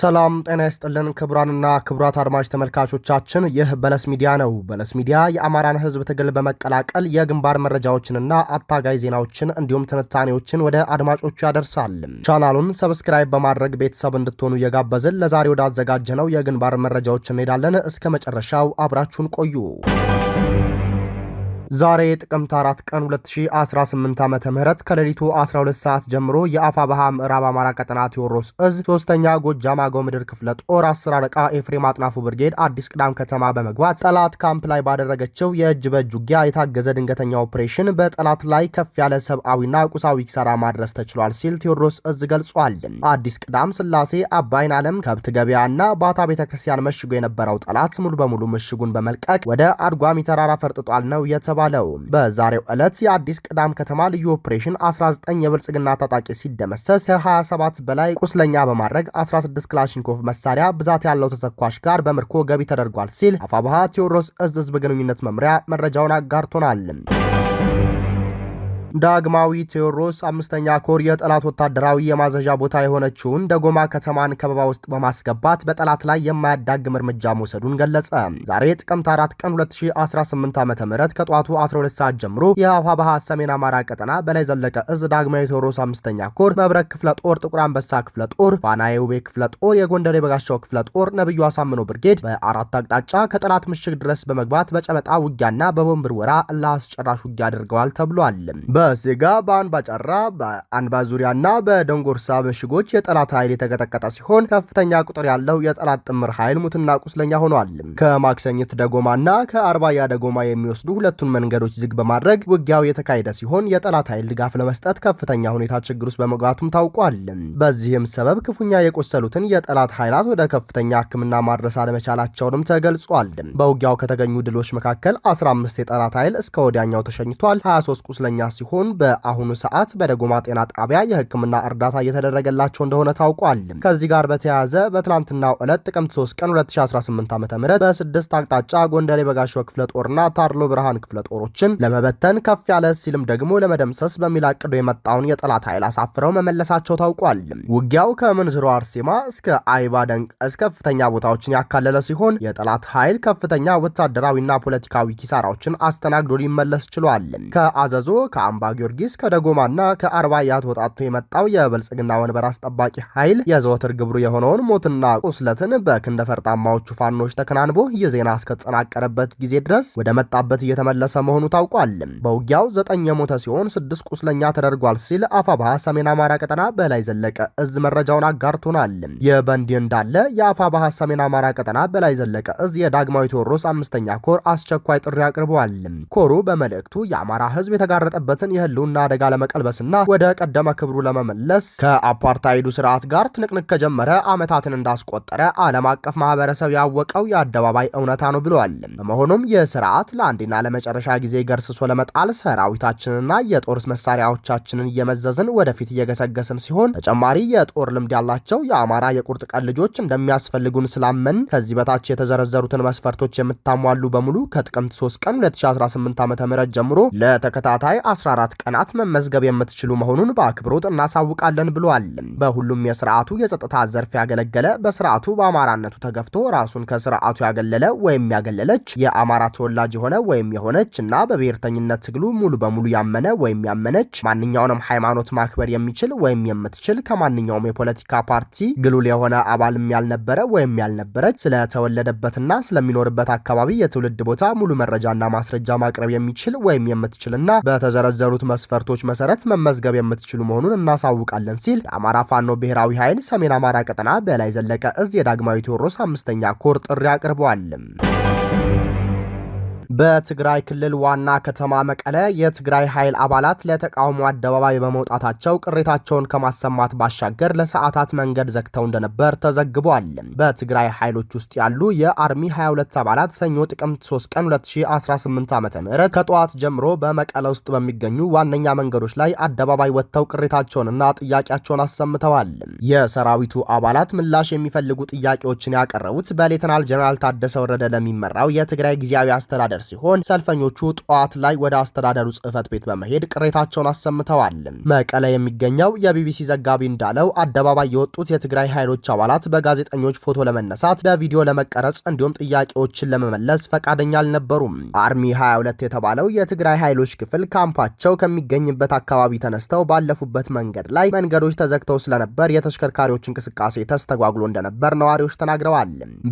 ሰላም ጤና ይስጥልን ክቡራንና ክቡራት አድማጭ ተመልካቾቻችን፣ ይህ በለስ ሚዲያ ነው። በለስ ሚዲያ የአማራን ሕዝብ ትግል በመቀላቀል የግንባር መረጃዎችንና አታጋይ ዜናዎችን እንዲሁም ትንታኔዎችን ወደ አድማጮቹ ያደርሳል። ቻናሉን ሰብስክራይብ በማድረግ ቤተሰብ እንድትሆኑ እየጋበዝን ለዛሬ ወዳዘጋጀነው የግንባር መረጃዎች እንሄዳለን። እስከ መጨረሻው አብራችሁን ቆዩ። ዛሬ ጥቅምት 4 ቀን 2018 ዓ.ም ከሌሊቱ 12 ሰዓት ጀምሮ የአፋ ባሃ ምዕራብ አማራ ቀጠና ቴዎድሮስ እዝ ሶስተኛ ጎጃም አገው ምድር ክፍለ ጦር አስር አለቃ ኤፍሬም አጥናፉ ብርጌድ አዲስ ቅዳም ከተማ በመግባት ጠላት ካምፕ ላይ ባደረገችው የእጅ በእጅ ውጊያ የታገዘ ድንገተኛ ኦፕሬሽን በጠላት ላይ ከፍ ያለ ሰብአዊና ቁሳዊ ኪሳራ ማድረስ ተችሏል ሲል ቴዎድሮስ እዝ ገልጿል። አዲስ ቅዳም፣ ስላሴ፣ አባይን አለም፣ ከብት ገበያና ባታ ቤተክርስቲያን መሽጎ የነበረው ጠላት ሙሉ በሙሉ ምሽጉን በመልቀቅ ወደ አድጓሚ ተራራ ፈርጥጧል ነው የተባ የተባለው። በዛሬው ዕለት የአዲስ ቅዳም ከተማ ልዩ ኦፕሬሽን 19 የብልጽግና ታጣቂ ሲደመሰስ ከ27 በላይ ቁስለኛ በማድረግ 16 ክላሽንኮቭ መሳሪያ ብዛት ያለው ተተኳሽ ጋር በምርኮ ገቢ ተደርጓል ሲል አፋብሃ ቴዎድሮስ እዝ ህዝብ ግንኙነት መምሪያ መረጃውን አጋርቶናል። ዳግማዊ ቴዎድሮስ አምስተኛ ኮር የጠላት ወታደራዊ የማዘዣ ቦታ የሆነችውን ደጎማ ከተማን ከበባ ውስጥ በማስገባት በጠላት ላይ የማያዳግም እርምጃ መውሰዱን ገለጸ። ዛሬ ጥቅምት 4 ቀን 2018 ዓ ም ከጠዋቱ 12 ሰዓት ጀምሮ የአፋባሃ ሰሜን አማራ ቀጠና በላይ ዘለቀ እዝ ዳግማዊ ቴዎድሮስ አምስተኛ ኮር መብረክ ክፍለ ጦር፣ ጥቁር አንበሳ ክፍለ ጦር፣ ፋና የውቤ ክፍለ ጦር፣ የጎንደር የበጋሻው ክፍለ ጦር፣ ነብዩ አሳምኖ ብርጌድ በአራት አቅጣጫ ከጠላት ምሽግ ድረስ በመግባት በጨበጣ ውጊያና በቦምብር ወራ ለአስጨራሽ ውጊያ አድርገዋል ተብሏል። በዜጋ በአንባ ጫራ በአንባ ዙሪያና በደንጎርሳ ምሽጎች የጠላት ኃይል የተቀጠቀጠ ሲሆን ከፍተኛ ቁጥር ያለው የጠላት ጥምር ኃይል ሙትና ቁስለኛ ሆኗል። ከማክሰኝት ደጎማና ከአርባያ ደጎማ የሚወስዱ ሁለቱን መንገዶች ዝግ በማድረግ ውጊያው የተካሄደ ሲሆን የጠላት ኃይል ድጋፍ ለመስጠት ከፍተኛ ሁኔታ ችግር ውስጥ በመግባቱም ታውቋል። በዚህም ሰበብ ክፉኛ የቆሰሉትን የጠላት ኃይላት ወደ ከፍተኛ ሕክምና ማድረስ አለመቻላቸውንም ተገልጿል። በውጊያው ከተገኙ ድሎች መካከል 15 የጠላት ኃይል እስከ ወዲያኛው ተሸኝቷል። 23 ቁስለኛ ሲሆን ሲሆን በአሁኑ ሰዓት በደጎማ ጤና ጣቢያ የህክምና እርዳታ እየተደረገላቸው እንደሆነ ታውቋል። ከዚህ ጋር በተያያዘ በትናንትናው ዕለት ጥቅምት 3 ቀን 2018 ዓ ም በስድስት አቅጣጫ ጎንደር የበጋሻው ክፍለ ጦርና ታርሎ ብርሃን ክፍለ ጦሮችን ለመበተን ከፍ ያለ ሲልም ደግሞ ለመደምሰስ በሚል አቅዶ የመጣውን የጠላት ኃይል አሳፍረው መመለሳቸው ታውቋል። ውጊያው ከምንዝሮ አርሴማ እስከ አይባ ደንቀስ ከፍተኛ ቦታዎችን ያካለለ ሲሆን የጠላት ኃይል ከፍተኛ ወታደራዊና ፖለቲካዊ ኪሳራዎችን አስተናግዶ ሊመለስ ችሏል። ከአዘዞ ከአምባ አምባ ጊዮርጊስ ከደጎማና ከአርባ ያተወጣቶ የመጣው የብልጽግና ወንበር አስጠባቂ ኃይል የዘወትር ግብሩ የሆነውን ሞትና ቁስለትን በክንደ ፈርጣማዎቹ ፋኖች ተከናንቦ የዜና ዜና እስከተጠናቀረበት ጊዜ ድረስ ወደ መጣበት እየተመለሰ መሆኑ ታውቋል። በውጊያው ዘጠኝ የሞተ ሲሆን ስድስት ቁስለኛ ተደርጓል ሲል አፋባ ሰሜን አማራ ቀጠና በላይ ዘለቀ እዝ መረጃውን አጋርቶናል። ይህ በእንዲህ እንዳለ የአፋባሃ ሰሜን አማራ ቀጠና በላይ ዘለቀ እዝ የዳግማዊ ቴዎድሮስ አምስተኛ ኮር አስቸኳይ ጥሪ አቅርበዋል። ኮሩ በመልእክቱ የአማራ ህዝብ የተጋረጠበትን የሱዳንን የህልውና አደጋ ለመቀልበስና ወደ ቀደመ ክብሩ ለመመለስ ከአፓርታይዱ ስርዓት ጋር ትንቅንቅ ከጀመረ ዓመታትን እንዳስቆጠረ ዓለም አቀፍ ማህበረሰብ ያወቀው የአደባባይ እውነታ ነው ብለዋል። በመሆኑም ይህ ስርዓት ለአንዴና ለመጨረሻ ጊዜ ገርስሶ ለመጣል ሰራዊታችንና የጦር መሳሪያዎቻችንን እየመዘዝን ወደፊት እየገሰገስን ሲሆን ተጨማሪ የጦር ልምድ ያላቸው የአማራ የቁርጥ ቀን ልጆች እንደሚያስፈልጉን ስላመን ከዚህ በታች የተዘረዘሩትን መስፈርቶች የምታሟሉ በሙሉ ከጥቅምት 3 ቀን 2018 ዓ ም ጀምሮ ለተከታታይ 14 አራት ቀናት መመዝገብ የምትችሉ መሆኑን በአክብሮት እናሳውቃለን ብሏል። በሁሉም የስርዓቱ የጸጥታ ዘርፍ ያገለገለ በስርዓቱ በአማራነቱ ተገፍቶ ራሱን ከስርዓቱ ያገለለ ወይም ያገለለች የአማራ ተወላጅ የሆነ ወይም የሆነች እና በብሔርተኝነት ትግሉ ሙሉ በሙሉ ያመነ ወይም ያመነች ማንኛውንም ሃይማኖት ማክበር የሚችል ወይም የምትችል ከማንኛውም የፖለቲካ ፓርቲ ግሉል የሆነ አባልም ያልነበረ ወይም ያልነበረች ስለተወለደበትና ስለሚኖርበት አካባቢ የትውልድ ቦታ ሙሉ መረጃና ማስረጃ ማቅረብ የሚችል ወይም የምትችልና በተዘረዘሩ በተጠቀሉት መስፈርቶች መሰረት መመዝገብ የምትችሉ መሆኑን እናሳውቃለን ሲል የአማራ ፋኖ ብሔራዊ ኃይል ሰሜን አማራ ቀጠና በላይ ዘለቀ እዝ የዳግማዊ ቴዎድሮስ አምስተኛ ኮር ጥሪ አቅርበዋል። በትግራይ ክልል ዋና ከተማ መቀለ የትግራይ ኃይል አባላት ለተቃውሞ አደባባይ በመውጣታቸው ቅሬታቸውን ከማሰማት ባሻገር ለሰዓታት መንገድ ዘግተው እንደነበር ተዘግቧል። በትግራይ ኃይሎች ውስጥ ያሉ የአርሚ 22 አባላት ሰኞ ጥቅምት 3 ቀን 2018 ዓ ም ከጠዋት ጀምሮ በመቀለ ውስጥ በሚገኙ ዋነኛ መንገዶች ላይ አደባባይ ወጥተው ቅሬታቸውንና ጥያቄያቸውን አሰምተዋል። የሰራዊቱ አባላት ምላሽ የሚፈልጉ ጥያቄዎችን ያቀረቡት በሌተናል ጀኔራል ታደሰ ወረደ ለሚመራው የትግራይ ጊዜያዊ አስተዳደር የሚደርስ ሲሆን ሰልፈኞቹ ጠዋት ላይ ወደ አስተዳደሩ ጽህፈት ቤት በመሄድ ቅሬታቸውን አሰምተዋል። መቀለ የሚገኘው የቢቢሲ ዘጋቢ እንዳለው አደባባይ የወጡት የትግራይ ኃይሎች አባላት በጋዜጠኞች ፎቶ ለመነሳት በቪዲዮ ለመቀረጽ እንዲሁም ጥያቄዎችን ለመመለስ ፈቃደኛ አልነበሩም። አርሚ 22 የተባለው የትግራይ ኃይሎች ክፍል ካምፓቸው ከሚገኝበት አካባቢ ተነስተው ባለፉበት መንገድ ላይ መንገዶች ተዘግተው ስለነበር የተሽከርካሪዎች እንቅስቃሴ ተስተጓጉሎ እንደነበር ነዋሪዎች ተናግረዋል።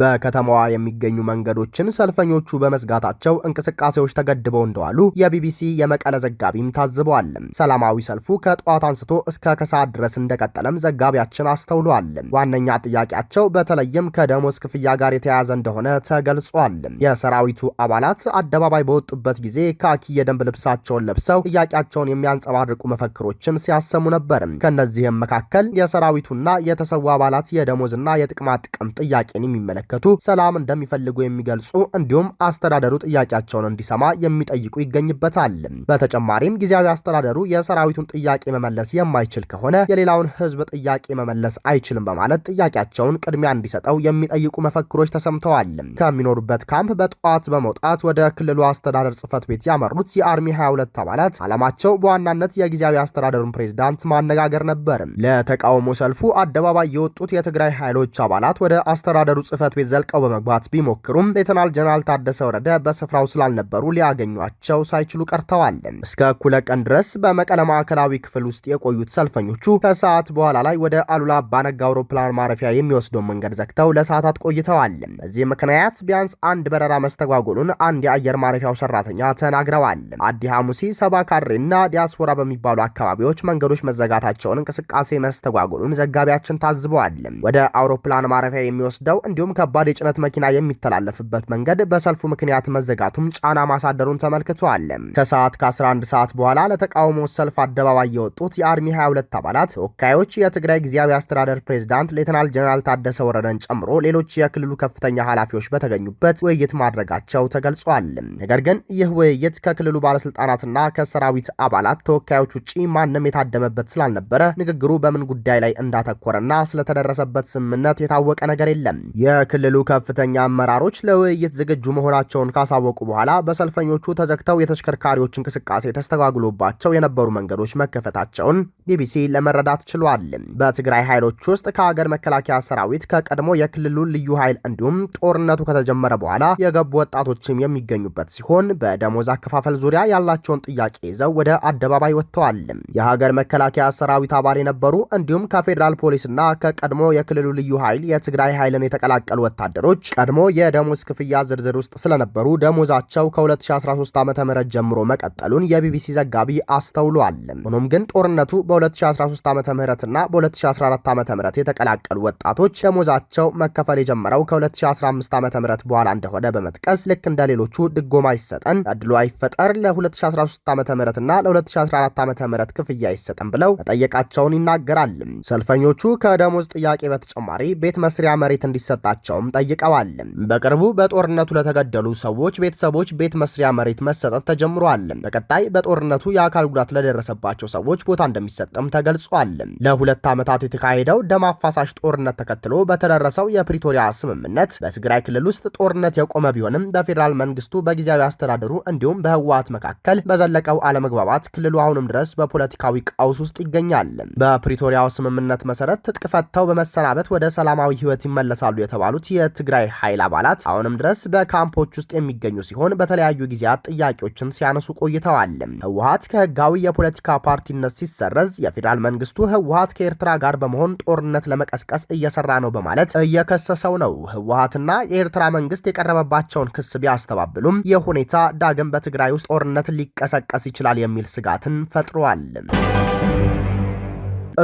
በከተማዋ የሚገኙ መንገዶችን ሰልፈኞቹ በመዝጋታቸው ያላቸው እንቅስቃሴዎች ተገድበው እንደዋሉ የቢቢሲ የመቀለ ዘጋቢም ታዝበዋል። ሰላማዊ ሰልፉ ከጠዋት አንስቶ እስከ ከሰዓት ድረስ እንደቀጠለም ዘጋቢያችን አስተውሏል። ዋነኛ ጥያቄያቸው በተለይም ከደሞዝ ክፍያ ጋር የተያያዘ እንደሆነ ተገልጿል። የሰራዊቱ አባላት አደባባይ በወጡበት ጊዜ ካኪ የደንብ ልብሳቸውን ለብሰው ጥያቄያቸውን የሚያንጸባርቁ መፈክሮችን ሲያሰሙ ነበር። ከእነዚህም መካከል የሰራዊቱና የተሰዉ አባላት የደሞዝና የጥቅማ ጥቅም ጥያቄን የሚመለከቱ ሰላም እንደሚፈልጉ የሚገልጹ እንዲሁም አስተዳደሩ ጥያ ጥያቄያቸውን እንዲሰማ የሚጠይቁ ይገኝበታል። በተጨማሪም ጊዜያዊ አስተዳደሩ የሰራዊቱን ጥያቄ መመለስ የማይችል ከሆነ የሌላውን ህዝብ ጥያቄ መመለስ አይችልም በማለት ጥያቄያቸውን ቅድሚያ እንዲሰጠው የሚጠይቁ መፈክሮች ተሰምተዋል። ከሚኖሩበት ካምፕ በጠዋት በመውጣት ወደ ክልሉ አስተዳደር ጽህፈት ቤት ያመሩት የአርሚ 22 አባላት አላማቸው በዋናነት የጊዜያዊ አስተዳደሩን ፕሬዝዳንት ማነጋገር ነበር። ለተቃውሞ ሰልፉ አደባባይ የወጡት የትግራይ ኃይሎች አባላት ወደ አስተዳደሩ ጽህፈት ቤት ዘልቀው በመግባት ቢሞክሩም ሌተናል ጀነራል ታደሰ ወረደ በሰ በስፍራው ስላልነበሩ ሊያገኟቸው ሳይችሉ ቀርተዋል። እስከ እኩለ ቀን ድረስ በመቀለ ማዕከላዊ ክፍል ውስጥ የቆዩት ሰልፈኞቹ ከሰዓት በኋላ ላይ ወደ አሉላ አባነጋ አውሮፕላን ማረፊያ የሚወስደውን መንገድ ዘግተው ለሰዓታት ቆይተዋል። በዚህ ምክንያት ቢያንስ አንድ በረራ መስተጓጎሉን አንድ የአየር ማረፊያው ሰራተኛ ተናግረዋል። አዲ ሐሙሲ፣ ሰባ ካሬ እና ዲያስፖራ በሚባሉ አካባቢዎች መንገዶች መዘጋታቸውን እንቅስቃሴ መስተጓጎሉን ዘጋቢያችን ታዝበዋል። ወደ አውሮፕላን ማረፊያ የሚወስደው እንዲሁም ከባድ የጭነት መኪና የሚተላለፍበት መንገድ በሰልፉ ምክንያት መዘጋ መዘጋቱም ጫና ማሳደሩን ተመልክቷል። ከሰዓት ከ11 ሰዓት በኋላ ለተቃውሞ ሰልፍ አደባባይ የወጡት የአርሚ 22 አባላት ተወካዮች የትግራይ ጊዜያዊ አስተዳደር ፕሬዝዳንት ሌተናል ጀነራል ታደሰ ወረደን ጨምሮ ሌሎች የክልሉ ከፍተኛ ኃላፊዎች በተገኙበት ውይይት ማድረጋቸው ተገልጿል። ነገር ግን ይህ ውይይት ከክልሉ ባለስልጣናትና ከሰራዊት አባላት ተወካዮች ውጪ ማንም የታደመበት ስላልነበረ ንግግሩ በምን ጉዳይ ላይ እንዳተኮረና ስለተደረሰበት ስምምነት የታወቀ ነገር የለም። የክልሉ ከፍተኛ አመራሮች ለውይይት ዝግጁ መሆናቸውን ካሳወቁ ካወቁ በኋላ በሰልፈኞቹ ተዘግተው የተሽከርካሪዎች እንቅስቃሴ ተስተጓጉሎባቸው የነበሩ መንገዶች መከፈታቸውን ቢቢሲ ለመረዳት ችሏል። በትግራይ ኃይሎች ውስጥ ከሀገር መከላከያ ሰራዊት ከቀድሞ የክልሉ ልዩ ኃይል እንዲሁም ጦርነቱ ከተጀመረ በኋላ የገቡ ወጣቶችም የሚገኙበት ሲሆን በደሞዝ አከፋፈል ዙሪያ ያላቸውን ጥያቄ ይዘው ወደ አደባባይ ወጥተዋል። የሀገር መከላከያ ሰራዊት አባል የነበሩ እንዲሁም ከፌዴራል ፖሊስና ከቀድሞ የክልሉ ልዩ ኃይል የትግራይ ኃይልን የተቀላቀሉ ወታደሮች ቀድሞ የደሞዝ ክፍያ ዝርዝር ውስጥ ስለነበሩ ደሞዛቸው ከ2013 ዓ ም ጀምሮ መቀጠሉን የቢቢሲ ዘጋቢ አስተውሏል። ሆኖም ግን ጦርነቱ በ2013 ዓ እና በ2014 ዓ ም የተቀላቀሉ ወጣቶች ደሞዛቸው መከፈል የጀመረው ከ2015 ዓ ም በኋላ እንደሆነ በመጥቀስ ልክ እንደ ሌሎቹ ድጎማ ይሰጠን፣ እድሉ አይፈጠር፣ ለ2013 ዓ ም እና ለ2014 ዓ ም ክፍያ አይሰጠን ብለው መጠየቃቸውን ይናገራል። ሰልፈኞቹ ከደሞዝ ጥያቄ በተጨማሪ ቤት መስሪያ መሬት እንዲሰጣቸውም ጠይቀዋል። በቅርቡ በጦርነቱ ለተገደሉ ሰዎች ቤተሰቦች ቤት መስሪያ መሬት መሰጠት ተጀምሯል። በቀጣይ በጦርነቱ የአካል ጉዳት ለደረሰባቸው ሰዎች ቦታ እንደሚሰጥም ተገልጿል። ለሁለት ዓመታት የተካሄደው ደም አፋሳሽ ጦርነት ተከትሎ በተደረሰው የፕሪቶሪያ ስምምነት በትግራይ ክልል ውስጥ ጦርነት የቆመ ቢሆንም በፌዴራል መንግስቱ በጊዜያዊ አስተዳደሩ እንዲሁም በህወሀት መካከል በዘለቀው አለመግባባት ክልሉ አሁንም ድረስ በፖለቲካዊ ቀውስ ውስጥ ይገኛል። በፕሪቶሪያው ስምምነት መሰረት ትጥቅ ፈተው በመሰናበት ወደ ሰላማዊ ህይወት ይመለሳሉ የተባሉት የትግራይ ኃይል አባላት አሁንም ድረስ በካምፖች ውስጥ የሚገኙ የተገኙ ሲሆን በተለያዩ ጊዜያት ጥያቄዎችን ሲያነሱ ቆይተዋል። ህወሀት ከህጋዊ የፖለቲካ ፓርቲነት ሲሰረዝ የፌዴራል መንግስቱ ህወሀት ከኤርትራ ጋር በመሆን ጦርነት ለመቀስቀስ እየሰራ ነው በማለት እየከሰሰው ነው። ህወሀትና የኤርትራ መንግስት የቀረበባቸውን ክስ ቢያስተባብሉም ይህ ሁኔታ ዳግም በትግራይ ውስጥ ጦርነት ሊቀሰቀስ ይችላል የሚል ስጋትን ፈጥሯል።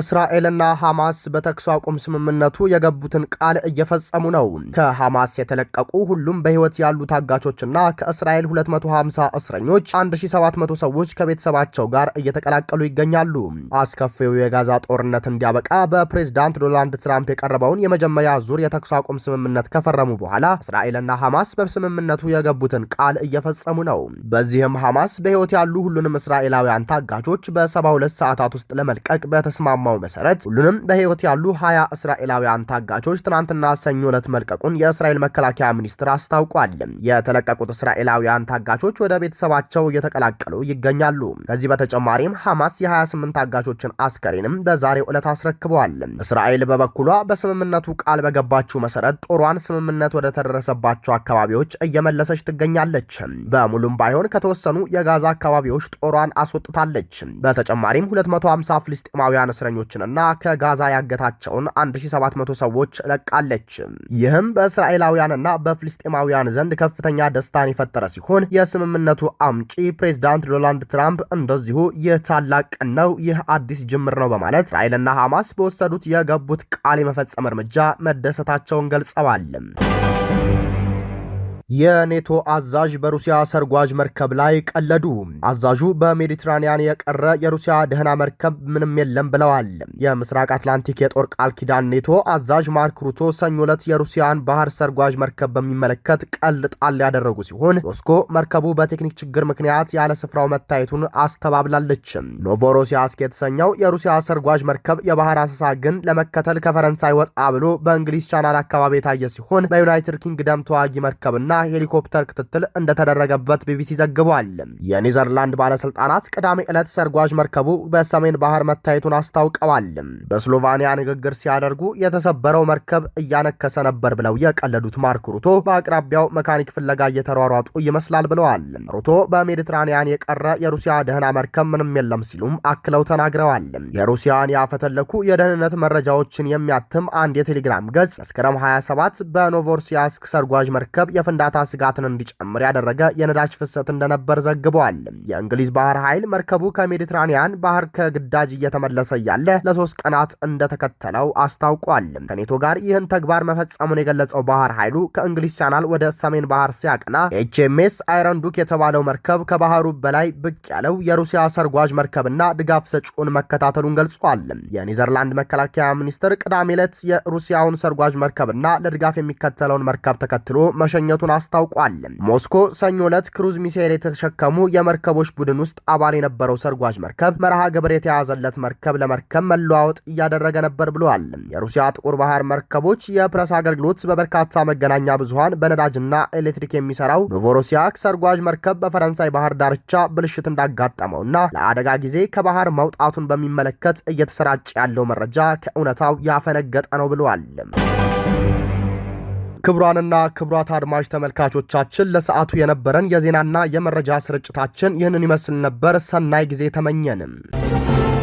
እስራኤልና ሐማስ በተኩስ አቁም ስምምነቱ የገቡትን ቃል እየፈጸሙ ነው። ከሐማስ የተለቀቁ ሁሉም በህይወት ያሉ ታጋቾችና ከእስራኤል 250 እስረኞች 1700 ሰዎች ከቤተሰባቸው ጋር እየተቀላቀሉ ይገኛሉ። አስከፊው የጋዛ ጦርነት እንዲያበቃ በፕሬዝዳንት ዶናልድ ትራምፕ የቀረበውን የመጀመሪያ ዙር የተኩስ አቁም ስምምነት ከፈረሙ በኋላ እስራኤልና ሐማስ በስምምነቱ የገቡትን ቃል እየፈጸሙ ነው። በዚህም ሐማስ በህይወት ያሉ ሁሉንም እስራኤላውያን ታጋቾች በ72 ሰዓታት ውስጥ ለመልቀቅ በተስማሙ በተሰማው መሰረት ሁሉንም በህይወት ያሉ ሀያ እስራኤላውያን ታጋቾች ትናንትና ሰኞ ዕለት መልቀቁን የእስራኤል መከላከያ ሚኒስትር አስታውቋል። የተለቀቁት እስራኤላውያን ታጋቾች ወደ ቤተሰባቸው እየተቀላቀሉ ይገኛሉ። ከዚህ በተጨማሪም ሐማስ የ28 ታጋቾችን አስከሬንም በዛሬው ዕለት አስረክበዋል። እስራኤል በበኩሏ በስምምነቱ ቃል በገባችው መሰረት ጦሯን ስምምነት ወደ ተደረሰባቸው አካባቢዎች እየመለሰች ትገኛለች። በሙሉም ባይሆን ከተወሰኑ የጋዛ አካባቢዎች ጦሯን አስወጥታለች። በተጨማሪም 250 ፍልስጤማውያን እስረ እስረኞችንና ከጋዛ ያገታቸውን 1700 ሰዎች ለቃለች። ይህም በእስራኤላውያንና በፍልስጤማውያን ዘንድ ከፍተኛ ደስታን የፈጠረ ሲሆን የስምምነቱ አምጪ ፕሬዚዳንት ዶናልድ ትራምፕ እንደዚሁ ይህ ታላቅ ነው፣ ይህ አዲስ ጅምር ነው በማለት እስራኤልና ሐማስ በወሰዱት የገቡት ቃል የመፈጸም እርምጃ መደሰታቸውን ገልጸዋል። የኔቶ አዛዥ በሩሲያ ሰርጓጅ መርከብ ላይ ቀለዱ። አዛዡ በሜዲትራኒያን የቀረ የሩሲያ ደህና መርከብ ምንም የለም ብለዋል። የምስራቅ አትላንቲክ የጦር ቃል ኪዳን ኔቶ አዛዥ ማርክ ሩቶ ሰኞ ዕለት የሩሲያን ባህር ሰርጓጅ መርከብ በሚመለከት ቀልድ ጣል ያደረጉ ሲሆን ሞስኮ መርከቡ በቴክኒክ ችግር ምክንያት ያለ ስፍራው መታየቱን አስተባብላለች። ኖቮሮሲያስክ የተሰኘው የሩሲያ ሰርጓጅ መርከብ የባህር አሰሳ ግን ለመከተል ከፈረንሳይ ወጣ ብሎ በእንግሊዝ ቻናል አካባቢ የታየ ሲሆን በዩናይትድ ኪንግደም ተዋጊ መርከብና ሄሊኮፕተር ክትትል እንደተደረገበት ቢቢሲ ዘግቧል። የኔዘርላንድ ባለስልጣናት ቅዳሜ ዕለት ሰርጓዥ መርከቡ በሰሜን ባህር መታየቱን አስታውቀዋል። በስሎቫኒያ ንግግር ሲያደርጉ የተሰበረው መርከብ እያነከሰ ነበር ብለው የቀለዱት ማርክ ሩቶ በአቅራቢያው መካኒክ ፍለጋ እየተሯሯጡ ይመስላል ብለዋል። ሩቶ በሜዲትራኒያን የቀረ የሩሲያ ደህና መርከብ ምንም የለም ሲሉም አክለው ተናግረዋል። የሩሲያን ያፈተለኩ የደህንነት መረጃዎችን የሚያትም አንድ የቴሌግራም ገጽ መስከረም 27 በኖቮርሲያስክ ሰርጓዥ መርከብ የፍንዳ የእርዳታ ስጋትን እንዲጨምር ያደረገ የነዳጅ ፍሰት እንደነበር ዘግበዋል። የእንግሊዝ ባህር ኃይል መርከቡ ከሜዲትራኒያን ባህር ከግዳጅ እየተመለሰ እያለ ለሶስት ቀናት እንደተከተለው አስታውቋል። ከኔቶ ጋር ይህን ተግባር መፈጸሙን የገለጸው ባህር ኃይሉ ከእንግሊዝ ቻናል ወደ ሰሜን ባህር ሲያቅና ኤችኤምኤስ አይረንዱክ የተባለው መርከብ ከባህሩ በላይ ብቅ ያለው የሩሲያ ሰርጓዥ መርከብና ድጋፍ ሰጪውን መከታተሉን ገልጿል። የኔዘርላንድ መከላከያ ሚኒስትር ቅዳሜ ዕለት የሩሲያውን ሰርጓጅ መርከብና ለድጋፍ የሚከተለውን መርከብ ተከትሎ መሸኘቱን አስታውቋል። ሞስኮ ሰኞ ዕለት ክሩዝ ሚሳኤል የተሸከሙ የመርከቦች ቡድን ውስጥ አባል የነበረው ሰርጓጅ መርከብ መርሃ ግብር የተያዘለት መርከብ ለመርከብ መለዋወጥ እያደረገ ነበር ብለዋል። የሩሲያ ጥቁር ባህር መርከቦች የፕረስ አገልግሎት በበርካታ መገናኛ ብዙኃን በነዳጅና ኤሌክትሪክ የሚሰራው ኖቮሮሲያክ ሰርጓጅ መርከብ በፈረንሳይ ባህር ዳርቻ ብልሽት እንዳጋጠመውና ለአደጋ ጊዜ ከባህር መውጣቱን በሚመለከት እየተሰራጨ ያለው መረጃ ከእውነታው ያፈነገጠ ነው ብለዋል። ክቡራንና ክቡራት አድማጭ ተመልካቾቻችን ለሰዓቱ የነበረን የዜናና የመረጃ ስርጭታችን ይህንን ይመስል ነበር። ሰናይ ጊዜ ተመኘንም።